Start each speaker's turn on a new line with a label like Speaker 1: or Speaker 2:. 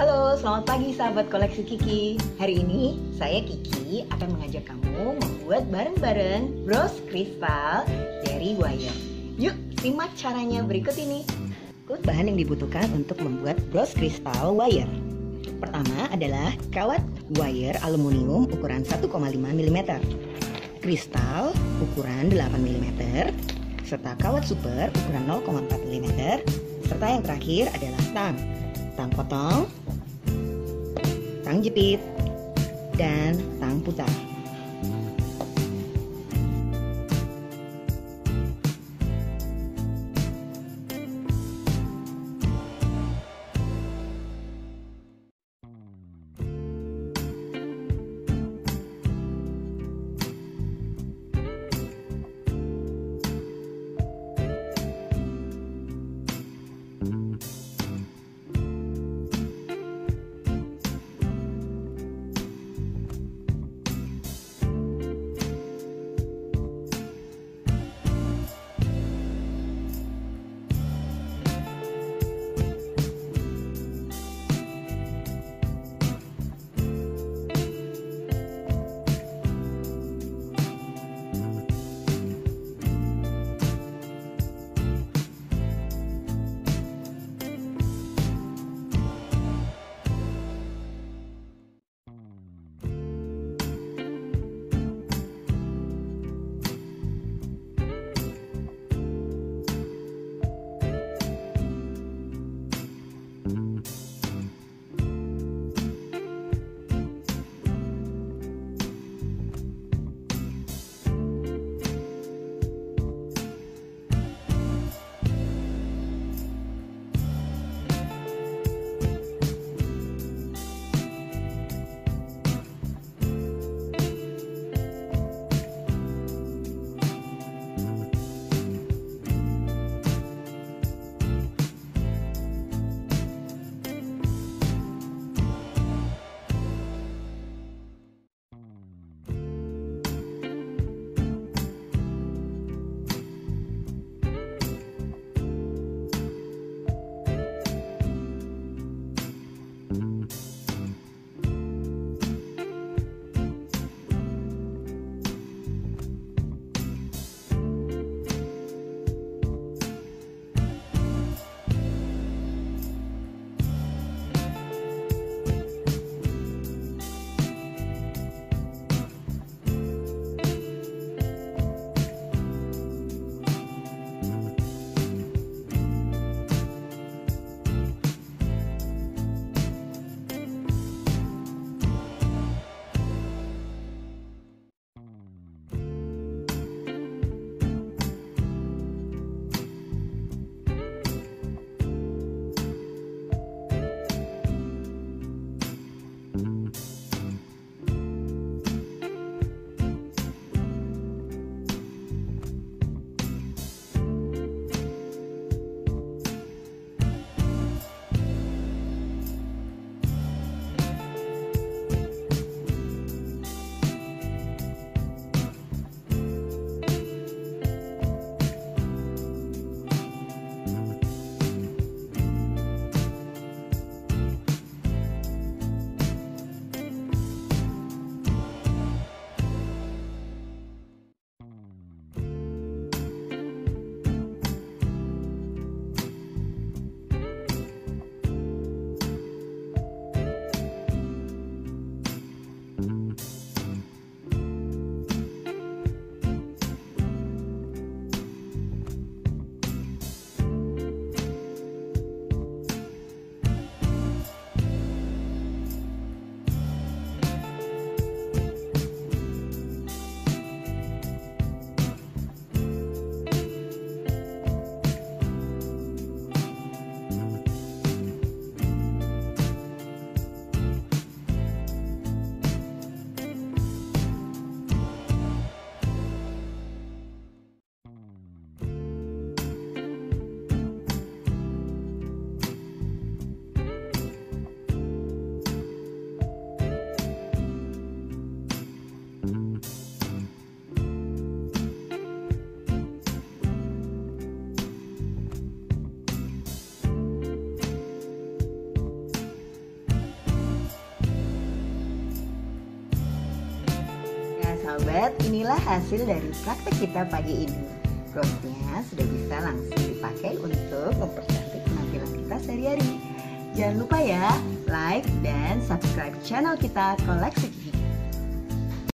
Speaker 1: Halo, selamat pagi sahabat koleksi Kiki. Hari ini saya Kiki akan mengajak kamu membuat bareng-bareng bros kristal dari wire. Yuk, simak caranya berikut ini.
Speaker 2: Ikut bahan yang dibutuhkan untuk membuat bros kristal wire. Pertama adalah kawat wire aluminium ukuran 1,5 mm, kristal ukuran 8 mm, serta kawat super ukuran 0,4 mm, serta yang terakhir adalah tang. Tang potong, Sang Jepit dan Sang Putar.
Speaker 3: sobat, inilah hasil dari praktek kita pagi ini. Rosnya sudah bisa langsung dipakai untuk mempercantik penampilan kita sehari-hari. Jangan
Speaker 2: lupa ya, like dan subscribe channel kita koleksi